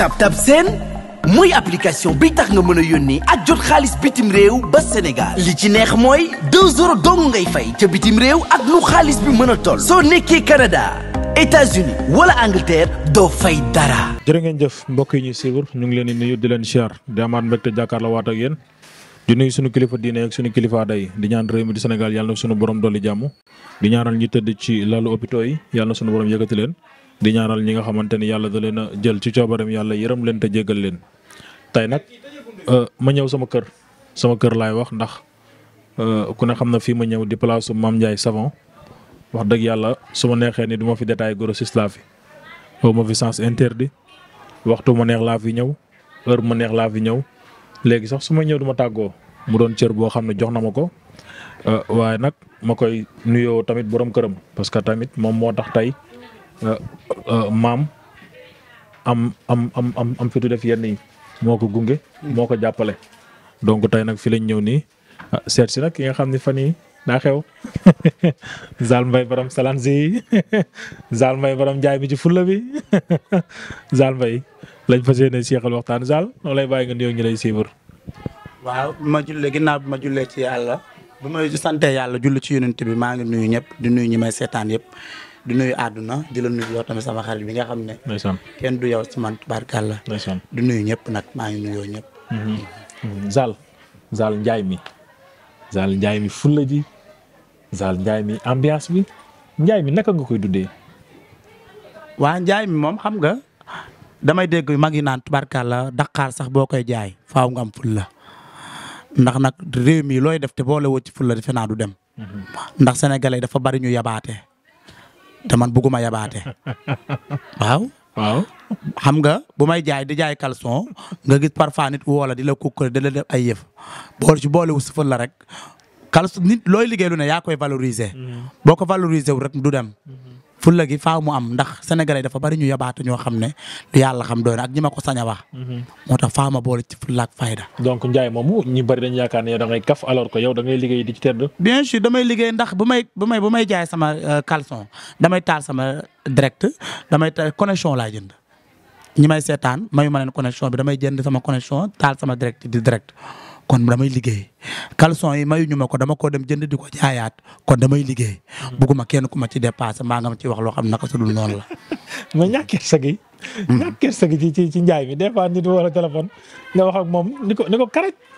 Tap Tap Seen mooy application bi tax nga mën a yónnee ak jot xaalis bitim réew ba Sénégal li ci neex mooy 2 euros dong ngay fay ca bitim réew ak lu xaalis bi mën a toll soo nekkee Canada. États-Unis wala Angleterre doo fay dara. jërë ngeen jëf mbokk yi ñuy suivre ñu ngi leen di nuyu di leen siyaar di amaat mbégte jàkkaarloo waat ak yéen di nuyu sunu kilifa diine ak sunu kilifa aada yi di ñaan réew mi di Sénégal yàlla na sunu borom dolli jàmm di ñaanal ñi tëdd ci yàlla sunu borom yëkkati leen di ñaanal ñi nga xamante ni yàlla da leen a jël ci coobareem yàlla yërëm leen te jéggal leen tey nag euh, ma ñëw sama kër sama kër laay wax ndax euh, ku ne xam na fii ma ñëw di place su Mame Ndiaye Savon wax dëgg yàlla su ma neexee ni du ma fi détail grossiste laa fi xaw ma fi sens interdit waxtu ma neex laa fi ñëw heure ma neex laa fi ñëw léegi sax su ma ñëw du ma tàggoo mu doon cër boo xam ne jox na ma ko euh, waaye nag ma koy nuyoo tamit boroom këram parce que tamit moom moo tax tey. Euh, euh, maam am am am am am fitu yi moo ko gunge. moo ko jàppale. donc tey nag fi lañ ñëw nii ah, seet si nag ki nga xam ni fan yii daa xew Zal Mbaye borom salaan si Zal Mbaye borom njaay mi ci fulla bi Zal Mbaye lañ fas yéene seexal waxtaan Zal noo lay bàyyi nga nuyoo ñu waaw bi ma jullee ginnaaw bi ma jullee ci yàlla. bu ma sante yàlla julli ci yonent bi maa ngi nuyu ñëpp di nuyu ñi may seetaan yëpp. di nuyu àdduna di la nuyu yow tamit sama xarit bi nga xam ne. ndeysaan kenn du yow ci man barkalla. ndeysaan di nuyu ñëpp nag maa ngi nuyoo ñëpp. Mhm. Zal Zal Ndiaye mi Zal Ndiaye mi fulla ji Zal Ndiaye mi ambiance bi Ndiaye mi naka nga koy dee waa njaay mi moom xam nga damay dégg mag yi naan tubarkalla Dakar sax boo koy jaay faaw nga am fulla ndax nag réew mi looy def te boole woo ci fulla defe naa du dem. Mhm. ndax sénégalais dafa bari ñu yabaate. te man bëgguma yabaate waaw. waaw xam nga bu may jaay di jaay caleçon nga gis parfois nit woo di la kukkale di la def ay yëf boole ci boole la rek caleçon nit looy liggéey lu ne yaa koy valoriser. Mm. boo ko valoriser wu rek du dem. Mm-hmm. fulla gi faaw mu am ndax sénégalais dafa bari ñu yabaatu ñoo xam ne lu yàlla xam doy na ak ñi ma ko sañ a wax. Mhm. moo tax faaw ma boole ci fulla ak fayda. donc Ndiaye moomu ñi bari dañu yaakaar ne yow da ngay kaf alors que da ngay liggéey di ci tedd. bien sûr damay liggéey ndax bu may bu may bu may jaay sama euh, caleçon damay taal sama direct damay taal connexion jënd. ñi may seetaan mayu ma leen connexion bi damay jënd sama connexion taal sama direct di direct. kon damay liggéey caleçon yi mayuñu ma ko dama ko dem jënd di ko jaayaat kon damay liggéey. Hmm. bugguma kenn ku ma ci dépassé maa nga ma ci wax loo xam naka su dul noonu la. mais hmm. ñàkk kersa gi. ci ci ci njaay mi des fois nit wala téléphone nga wax moom ni ko ni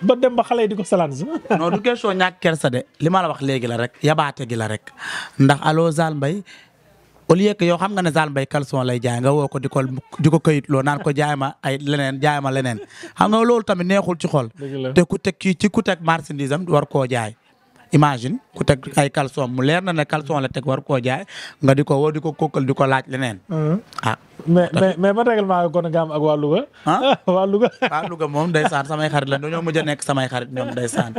ba dem ba xale yi di ko salaan si. non du question ñàkk kersa de li la wax léegi la rek yabaate gi la rek ndax allo Zal au lieu que yow xam nga ne Zale Mbaye caleçon lay jaay nga woo ko di ko di ko këyitloo naan ko jaay ma ay leneen jaay ma leneen xam nga loolu tamit neexul ci xool te ku teg ci ci ku teg marchandise am war koo jaay. imagine ku teg ay caleçon mu leer na ne caleçon la teg war koo jaay nga di ko woo di ko kókkal di ko laaj leneen. Uh-huh. a ah. mais mais mais ba règlement nga kon nga am ak waa Louga. ah waa Louga. waa Louga moom ndeysaan samay xarit la dañoo mujj a nekk samay xarit ñoom ndeysaan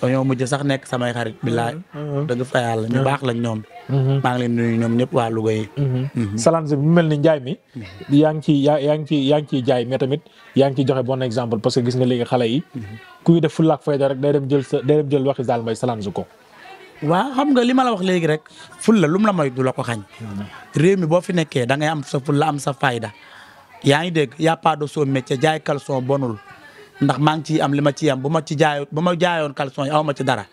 dañoo mujj sax nekk samay xarit billaay. Mm-hmm. dëgg fa yàlla ñu mm-hmm. baax lañ ñoom. Mm-hmm. maa ngi leen ñoom ñëpp waa Louga yi. Salaan si mu mel ni Njaay mi. yaa ngi ciy yaa yaa ngi ciy yaa ngi jaay mais tamit yaa ngi ciy joxe bon exemple parce que gis nga léegi xale yi. kuy def fulla ak fayda rek day dem jël sa day dem jël daal may Salaan su ko. waaw xam nga li ma la wax léegi rek ful la lum la may du la ko xañ réew mi boo fi nekkee da ngay am sa ful la am sa fayda yaa ngi dégg y a pas de sot jaay caleçon bonul ndax maa ngi ciy am li ma ciy am bu ma ci jaayut bu ma jaayoon caleçon yi aw ma ci dara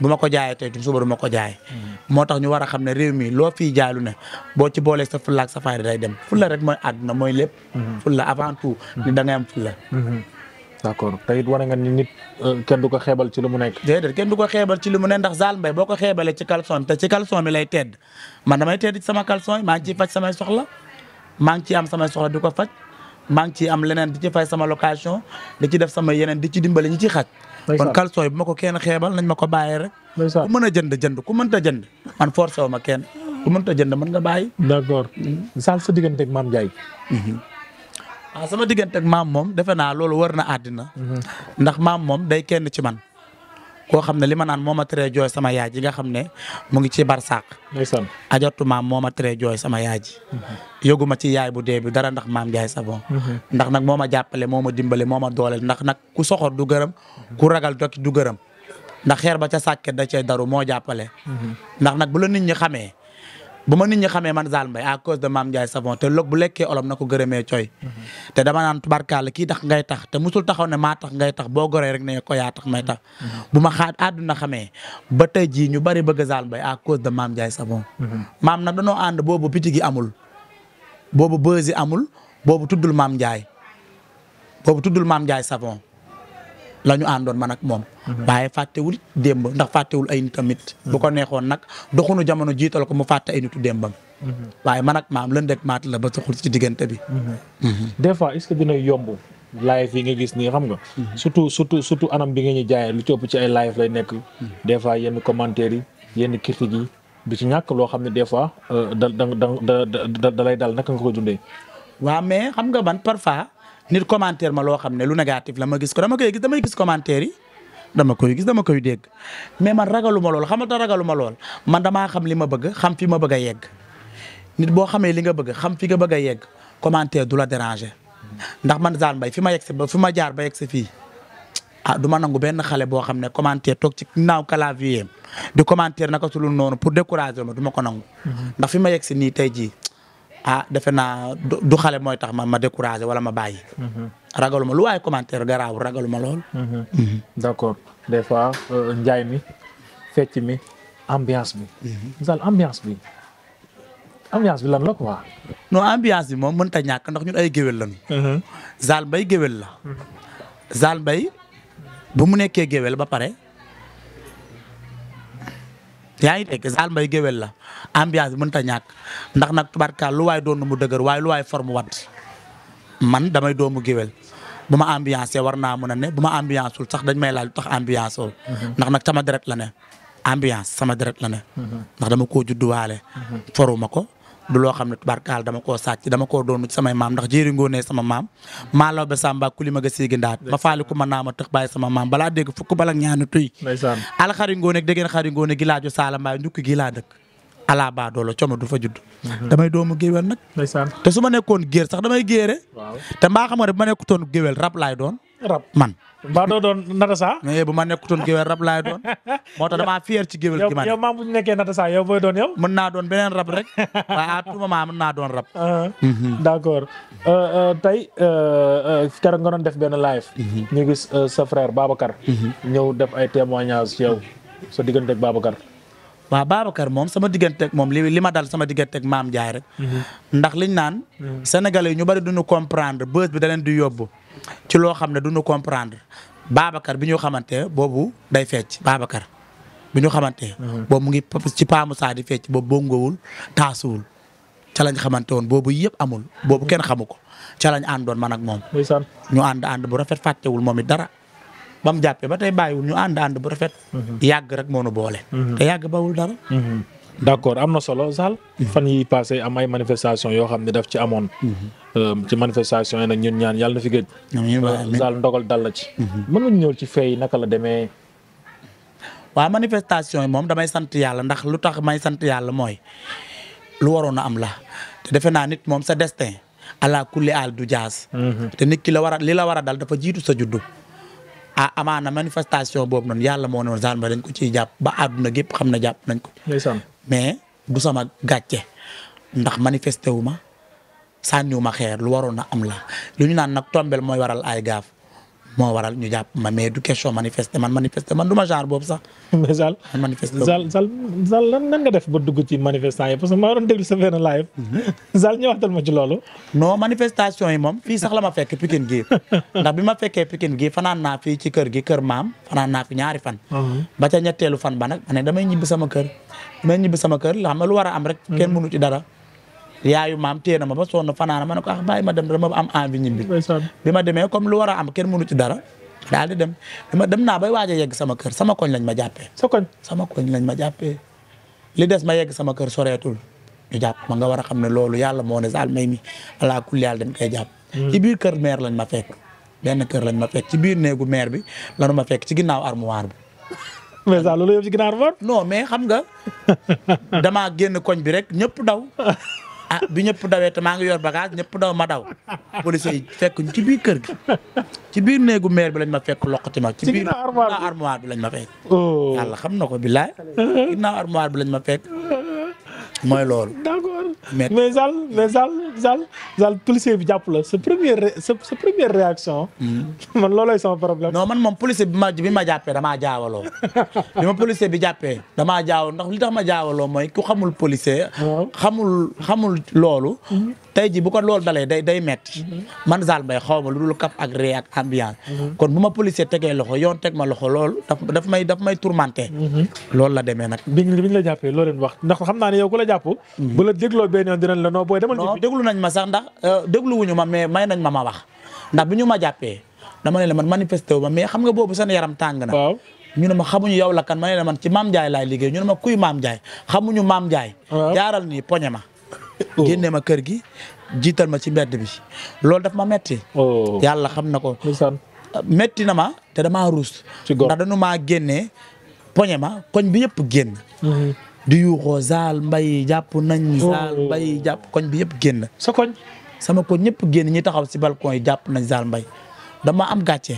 bu ma ko jaayee tey suba du ma ko jaay mm-hmm. moo tax ñu war a xam ne réew mi loo fiy jaay lu ne boo ci boolee sa fulla ak sa fayda day dem fulla rek mooy àdduna mooy lépp mm-hmm. fulla avant tout mm-hmm. ni da ngay am fulla d' accord te it wane nga ni nit euh, kenn du ko xeebal ci lu mu nekk. kenn du ko xeebal ci lu mu ne ndax Zal Mbaye boo ko xeebalee ci caleçon te ci caleçon bi lay tedd man damay tedd ci sama caleçon yi maa ngi ciy faj samay maa ngi ciy am samay soxla di ko faj maa ngi ciy am leneen di ci fay sama location di ci def sama yeneen di ci dimbali ñi ci xaj. kon caleçon yi bu ma ko kenn xeebal nañ ma ko bàyyee rek. ku mën a jënd jënd ku mënta jënd man forcé wu ma kenn ku ta jënd mën nga bàyyi. d' accord mm-hmm. Zal sa digganteeg Mame Ndiaye mm-hmm. waaw ah, sama diggante ak maam moom defe naa loolu war na àddina. ndax maam moom day kenn ci man. koo xam ne li ma naan moo ma jooy sama yaay ji nga xam ne mu ngi ci barsàq. ndeysaan ajatu maam moo ma teree jooy sama yaay ji. yógu ci yaay bu dee bi dara ndax maam Ndiaye Savon. ndax nag moo ma jàppale moo ma dimbale moo ma dooleel ndax nag ku soxor du gërëm. ku ragal dokki du gërëm. ndax xeer ba ca sàkket da cay daru moo jàppale. ndax nag bu la nit ñi xamee. bu ma nit ñi xamee man Zale Mbaye a cause de Mame Ndiaye Savon te log bu lekkee olom na ko gërëmee coy mhm. te dama naan tubarkaale kii tax ngay tax te musul taxaw ne maa tax ngay tax boo goree rek ne ko yaa tax may tax mhm. bu ma xaat àdduna xamee ba tey jii ñu bari bëgg Zale mbay à cause de Mame Ndiaye Savon mhm. maam na danoo ànd boobu picc gi amul boobu beusi amul boobu tuddul maam Ndiaye boobu tuddul Mame Ndiaye Savon la ñu àndoon man ak moom. waaye mhm. fàttewul démb ndax fàttewul ay nit tamit. bu ko neexoon doxu doxunu jamono jiital ko mu fàtte ay nitu démbam. Mhm. waaye man ak maam lënd dek maat la ba soxul ci diggante bi. Mhm. des fois est-ce que yomb. live yi nga gis nii xam nga. surtout surtout surtout anam bi nga ñu jaayee lu ci ci ay live lay nekk. des fois yenn commentaires yi yenn critiques yi du ci ñàkk loo xam ne des fois euh, da da da da da lay dal naka nga ko dundee. waaw mais xam nga man parfois. nit commentaire ma loo xam ne lu négatif la ma gis ko dama koy gis damay gis commentaire yi dama koy gis dama koy dégg mais man ragalu ma lool xamata ragalu ma lool man damaa xam li ma bëgg xam fi ma bëgg a yegg nit boo xamee li nga bëgg xam fi nga bëgg a yegg commentaire du la déranger ndax man Zale Mbaye fi ma yegg si ba fi ma jaar ba yegg si fii ah du ma nangu benn xale boo xam ne commentaire toog ci naaw clavier di commentaire naka su lu noonu pour décourager ma du ko nangu mm-hmm. ah defe naa du xale mooy tax ma ma découragé wala ma bàyyi. Mhm. ragaluma lu waaye commentaire garaaw ragaluma lool. Mhm. Mhm. d' accord des fois euh, njaay mi fecc mi ambiance bi. daal ambiance bi ambiance bi lan la quoi. non ambiance bi moom mënut a ñàkk ndax ñun ay géwél lañu. Zal Mbaye géwél la. Zal Mbaye bu mu nekkee géwél ba pare. yaa ngi dégg Zal Mbaye géwél la ambiance bi mënut a ñàkk ndax nag tubarkaal lu waay doon mu dëgër waay lu waay mu wat man damay doomu géwél bu ma ambiance war naa mën a ne bu ma ambiance wul sax dañ may laaj tax ambiance wul mhm. ndax nag sama deret la ne ambiance sama deret la ne mhm. ndax dama koo judduwaale mhm. foruma ko du loo xam ne tubaarkaal dama koo sàcc dama koo doon ci samay maam ndax jéeri ngoonee sama maam maa law be samba kuli a ga séegi ndaat ma faali ku ma naa ma tëx bàyyi sama maam balaa dégg fukk balak ñaani tuy al xari ngoone ak déggeen xari ngoone gi saala mbaay njukki gi laa dëkk alaa baa o coono du fa judd mhm. damay doomu géwél nag te su ma nekkoon géer sax damay géere te mbaa xam nga ne bu ma nekkutoon géwél rab laay doon rab man. mbaa doo doon natasa. mais bu ma nekkutoon géwél rab laay doon moo tax damaa fier ci géwél gi ma yow maa bu ñu nekkee natasa yow booy doon yow. mën naa doon beneen rab rek waaye à tout moment mën naa doon rab. Ah, mhm. d'accord euh, euh, tey euh, nga doon def benn live. Mhm. ñu gis sa frère Babacar. Mhm. ñëw def ay témoignages sa digganteeg Babacar. waaw Babacar moom sama digganteeg moom li ma dal sama digganteeg maam Ndiaye rek. ndax liñ naan. sénégalais yi ñu bari duñu comprendre bës bi da leen di yóbbu. ci loo xam ne du ñu comprendre Babacar bi ñu xamante boobu day fecc Babacar bi ñu xamante. Mhm. boobu mu ngi ci paamu saa di fecc boobu bongoowul taasuwul ca lañ xamante woon boobu yëpp amul boobu kenn xamu ko ca lañ àndoon man ak moom. ñu ànd ànd bu rafet wul moom it dara. ba mu jàppee ba tey bàyyiwul ñu ànd ànd bu rafet. Mhm. yàgg rek moo nu boole. Mhm. te yàgg bawul dara. d' accord am na solo Zal. Mhm. fan yi passé am ay manifestations yoo xam ne daf ci amoon. Mhm. Euh, ci manifestation yi nag ñun ñaan yàlla na fi gëj. Euh, Zal ndogal dal la ci. Mhm. mën nga ñëw ci fee yi naka la demee. waaw manifestation yi moom damay sant yàlla ndax lu tax may sant yàlla mooy lu waroon a am la te defe naa nit moom sa destin ala kulli aal du jaas. te nit ki la war a li la war a dal dafa jiitu sa juddu. a ah amaana manifestation boobu noonu yàlla moo ne woon Zal dañ ko ciy jàpp ba àdduna gépp xam na jàpp nañ ko. mais du sama gàcce ndax manifesté wu ma sànniwu ma xeer lu waroon a am la lu ñu naan nag tombel mooy waral ay gaaf moo waral ñu jàpp ma mais du question manifester man manifester man du ma genre boobu sax. mais Zal Zal lan nan nga def ba dugg ci manifestant yi parce que maa doon déglu sa benn live. Mhm. Zal ñëwaatal ma ci loolu. non manifestation yi moom fii sax la ma fekk Pikine gii ndax bi ma fekkee Pikine gi fanaan naa fii ci kër gi kër maam fanaan naa fi ñaari fan. Mhm. ba ca ñetteelu fan ba nag ma ne damay ñibbi sama kër damay ñibbi sama kër la xam lu war a am rek. kenn mhm. mënu ci dara. yaayu maam téye ma ba sonn fanaana ma ne ko ah ma dem dama am envie ñibbi bi ma demee comme lu war a am kenn mënu ci dara daal di dem ma dem naa bay waaj a yegg sama kër sama koñ lañ ma jàppee sa koñ sama koñ ma jàppee li des ma yegg sama kër soreetul ñu jàpp ma nga war a xam ne loolu yàlla moo ne saal may mi alaa kulli yàlla dañ ka jàpp hmm. ci biir kër maire lañ ma fekk benn kër lañ ma fekk ci biir néegu maire bi lanu ma fekk ci ginnaaw armoire bi mais ça loolu yëpp ci ginnaaw armoire non mais xam nga damaa bi rek ñëpp daw ah bi ñëpp dawee te maa ngi yor bagage ñëpp daw ma daw police yi fekk ñu ci biir kër gi ci biir néegu maire bi lañ ma fekk loqati ma ci biir ginnaaw armoire bi lañ ma fekk oh. yàlla xam na ko billaay ginnaaw armoire bi lañ ma fekk mooy loolu. d' accord mais mais Zal mais Zal Zal Zal policier bi jàpp la sa première sa sa première réaction. Hmm. man loolooy sama problème. non man moom policier bi ma bi ma jàppee damaa jaawaloo bi ma policier bi jàppee damaa jaawal ndax li tax ma jaawaloo mooy ku xamul policier. Hmm. xamul xamul loolu. Hmm. tey ji bu ko loolu dalee day day metti mhm. man saal may xaw ma lu dul kap ak ree ak ambiance mhm. kon bu ma policier tegee loxo yoon teg ma loxo lool daf may daf may tourmenté mhm. loolu la demee nag bi ñu la jàppee loo leen wax ndax xam naa ne yow ku la jàpp bu la dégloo benn yoon déglu nañ ma sax ndax euh, déglu ma mais may nañ ma ma wax ndax bi ñu ma jàppee dama ne la man manifesté wu ma mais xam nga boobu seen yaram tàng na waaw ñu ne ma xamuñu yow la kan ma ne la man ci Maam Ndiaye laay liggéey ñu ne ma kuy Maam Ndiaye xamuñu Maam Ndiaye jaaral nii poñe ma Oh. génnee ma kër gi jiital ma ci mbedd bi loolu daf ma metti oh. yàlla xam na ko metti na ma te damaa ruus ndax dañu ma génnee poñe ma koñ bi yëpp génn mm-hmm. di yuuxoo zaal mbay jàpp nañ zaal oh. mbay jàpp koñ bi yëpp génn sa koñ sama koñ ñëpp génn ñi taxaw si balcon yi jàpp nañ zaal mbay dama am gàcce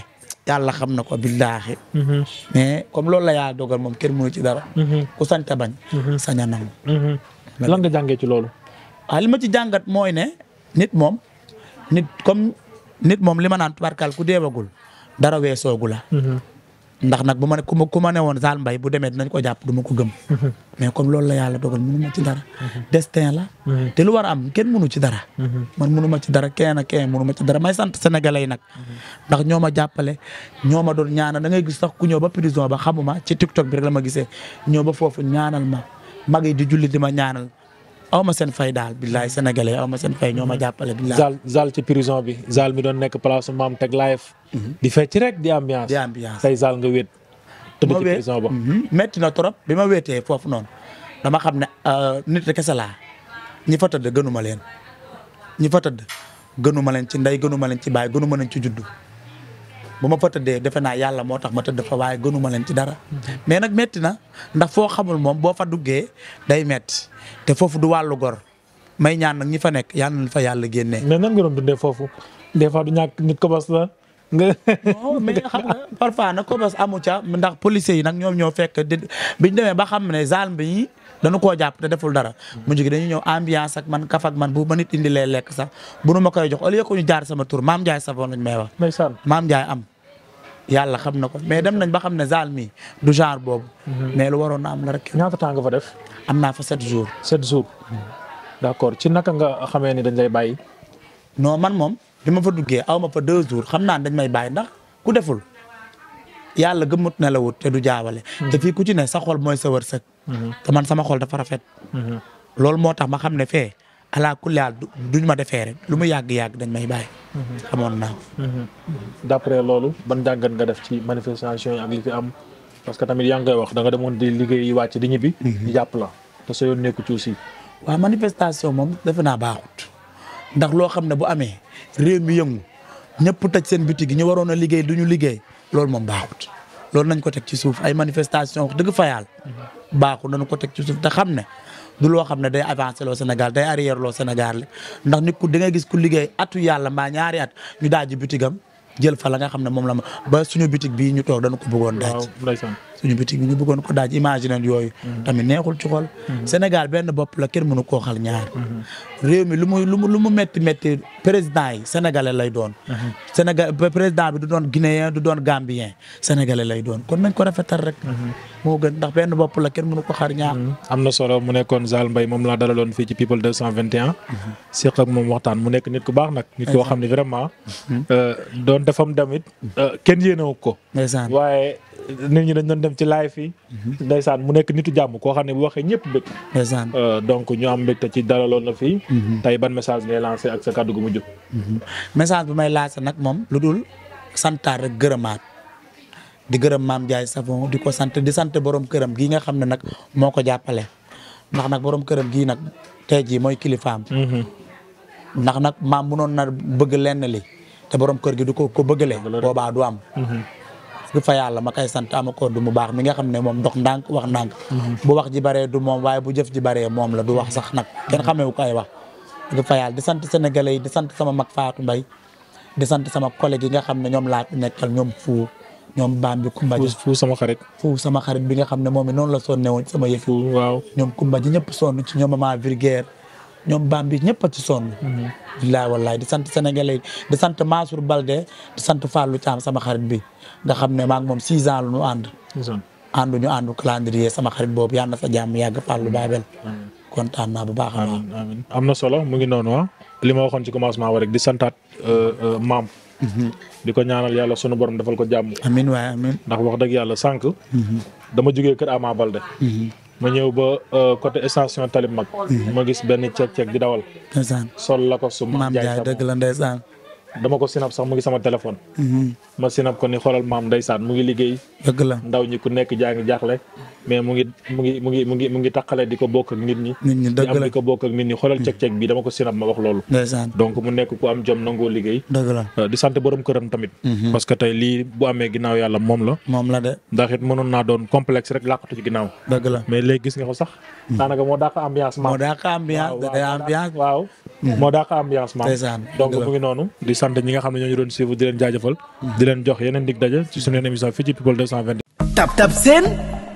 yàlla xam na ko billaahi mm-hmm. mais comme loolu la yaa dogal moom kenn mënu ci dara mm-hmm. ku sañta bañ sañ a nangu lan nga jàngee ci loolu waaw ah, li ma ci jàngat mooy ne nit moom nit comme nit moom li ma naan tubarkaal ku deewagul dara weesoogu la. Mhm. ndax nag bu ma ne ma ku ne woon Sall mbay bu demee dinañ ko jàpp du ma ko gëm. Mhm. mais comme loolu la yàlla dogal mënu ma ci dara. Mhm. destin la. te lu war am kenn mënu ci dara. man mënu ma ci dara kenn ak kenn mënu ma ci dara may sant sénégalais yi nag. ndax ñoo ma jàppale ñoo ma doon ñaanal da ngay gis sax ku ñëw ba prison ba xamuma ci TikTok bi rek la ma gisee ñëw ba foofu ñaanal ma mag yi di julli di ma ñaanal. aw ma seen fay daal billaay sénégalais aw ma seen fay ñoo ma jàppale billaay. ci prison bi Zal mi doon nekk place maam teg live. Mhm. di fecc rek di ambiance. di ambiance tey Zal nga wéet. tëdd ci prison ba mhm. metti na trop bi ma wéetee foofu noonu dama xam ne euh, nit kese laa ñi fa tëdd gënuma leen ñi fa tëdd gënuma leen ci ndey gënuma leen ci baay gënuma leen ci juddu. ba ma fa tëddee defe naa yàlla moo tax ma tëdd fa waaye gënuma leen ci dara mais nag ndax foo xamul moom boo fa duggee day métti te foofu du wàllu gor may ñaan nag ñi fa nekk yàlla na fa yàlla génnee. mais nan nga doon dundee foofu des fois du ñàkk nit ko bas la nga. non mais xam nga parfois nag ko bas amu ca ndax policiers yi nag ñoom ñoo fekk bi ñu demee ba xam ne zalm bi dañu koo jàpp te deful dara mu jigi dañu ñëw ambiance ak man kaf ak man bu ma nit indi lee lekk sax bu nu ma ko jox au sama tur maam Ndiaye Savon lañ may yàlla xam na ko mais dem nañ ba xam ne zaal mi du genre boobu. Mhm. mais lu waroon na am la rek. ñaata temps nga fa def. am na fa sept jours. sept jours d' ci naka nga xamee ni dañ lay bàyyi. non man moom bi ma fa duggee aw ma fa deux jours xam naa dañ may bàyyi ndax ku deful yàlla gëmmut na la wut te du jaawale. Mhm. te fii ku ci ne sa xol mooy sa wërsëg. Mhm. te man sama xol dafa rafet. loolu moo tax ma xam ne fee ala kulli duñ ma defee rek lu mu yàgg yàgg dañ may bàyyi. xamoon naa d' après loolu ban jàngat nga def ci manifestation yi ak li fi am parce que tamit yaa ngi koy wax da demoon di liggéey wàcc di ñibbi. ñu mhm. jàpp la te sa yoon nekku ci aussi. waaw manifestation moom defe naa baaxut ndax loo xam ne bu amee réew mi yëngu ñëpp tëj seen bitig ñu waroon a liggéey du ñu liggéey loolu moom baaxut loolu nañ ko teg ci suuf ay manifestation wax dëgg fa mhm. baaxut nañ ko teg ci suuf te xam ne du loo xam ne day avancer loo Sénégal day arrière loo Sénégal ndax ni ku da ngay gis ku liggéey atu yàlla mbaa ñaari at ñu daal ji bitigam jël fa la nga xam ne moom la ma ba suñu bitig bi ñu toog dañu ko bëggoon daaj suñu bitig bi ñu bëggoon ko daaj imaginer yooyu mhm. tamit neexul ci mhm. Sénégal benn bopp la kenn mënu koo xal ñaar mhm. réew mi lu mu lu mu mu métti métti président yi sénégalais lay doon Sénégal président bi du doon guinéen du doon gambien sénégalais lay doon kon nañ ko rafetal rek moo gën ndax la kenn mënu ko xar ñaar am na solo mu nekkoon Zal Mbaye moom laa dalaloon fii ci people 221 siq ak moom waxtaan mu doon defam damit euh, kenn yéenewu ko. ndeysaan waaye nit ñu dañ doon dem ci live yi. Mhm. ndeysaan mu nekk nitu jàmm koo xam ne bu waxee ñëpp bëgg. ndeysaan euh, donc ñu am ci dalaloon na fii. Mhm. tey ban message ngay lancé ak sa kàddu gu mujj. Mhm. message bi may lancé nag moom lu dul santaar rek gërëmaat di gërëm maam Ndiaye Savon di ko sant di sant boroom këram gii nga xam ne nag moo ko jàppale ndax nag boroom këram gii nag tey jii mooy kilifaam. ndax nag maam munoon na bëgg lenn te borom kër gi du ko ko bëggalee boobaa du am du mhm. fa yàlla ma koy sant ama ko du mu baax mi nga xam ne moom dox ndànk wax ndànk mhm. bu wax ji baree du moom waaye bu jëf ji moom la du wax sax nag kenn mhm. xamewu ko ay wax du fa yàlla di yi di xam ne ñoom laa nekkal ñoom fuu ñoom baam bi kumba ji fuu sama xarit fuu sama xarit bi nga xam ne moom it noonu la sonne woon sama yëf waaw ñoom kumba ji ñëpp sonn ci ñoom ñoom Bambi ñëpp a ci sonn. bilaay wallaay di sant sénégalais di sant Mansour Balde di sant Fallou Thiam sama xarit bi nga xam ne maa ngi moom six ans lu ñu ànd. ànd ñu ànd calendrier sama xarit boobu yàlla na sa jàmm yàgg Fallou Babel. kontaan naa bu baax a baax. am na solo mu ngi noonu ah. li ma waxoon ci commencement wa rek di santaat euh, euh, maam. Mhm. di ko ñaanal yàlla sunu borom defal ko jàmm. amiin ndax wax dëgg yàlla sànq. Mhm. dama jógee kër Ama Balde. Mhm. ma ñëw ba euh, coté station Talib Mag. Mhm. ma gis benn ceeg ceeg di dawal. ndeysaan sol la ko su maam Ndiaye dëgg la ndeysaan dama ko sinap sax mu ngi sama téléphone. Mhm. ma sinap ko ni xoolal maam ndeysaan mu ngi liggéey. dëgg la ndaw ñi ku nekk jaa ngi jaaxle. mais mu ngi mu ngi mu ngi mu ngi mu ngi taqale di ko bokk ak nit ñi. nit di ko bokk ak nit ñi xoolal cek hmm. cek bi dama ko sinab ma wax loolu. donc mu nekk ku am jom euh, sant borom këram tamit. Hmm. parce que tey lii bu amee ginnaaw yàlla moom la. moom la de. ndax it mënoon naa doon complexe rek làqatu ci ginnaaw. dëgg la mais léegi gis nga ko sax. Hmm. daanaka moo dàq ambiance ma. moo dàq ambiance da day ambiance waaw. noonu. di sant ñi nga xam ne ñoo ñu doon suivre di leen jaajëfal. di leen jox yeneen dig daje ci suñu émission fii Tap Tap Seen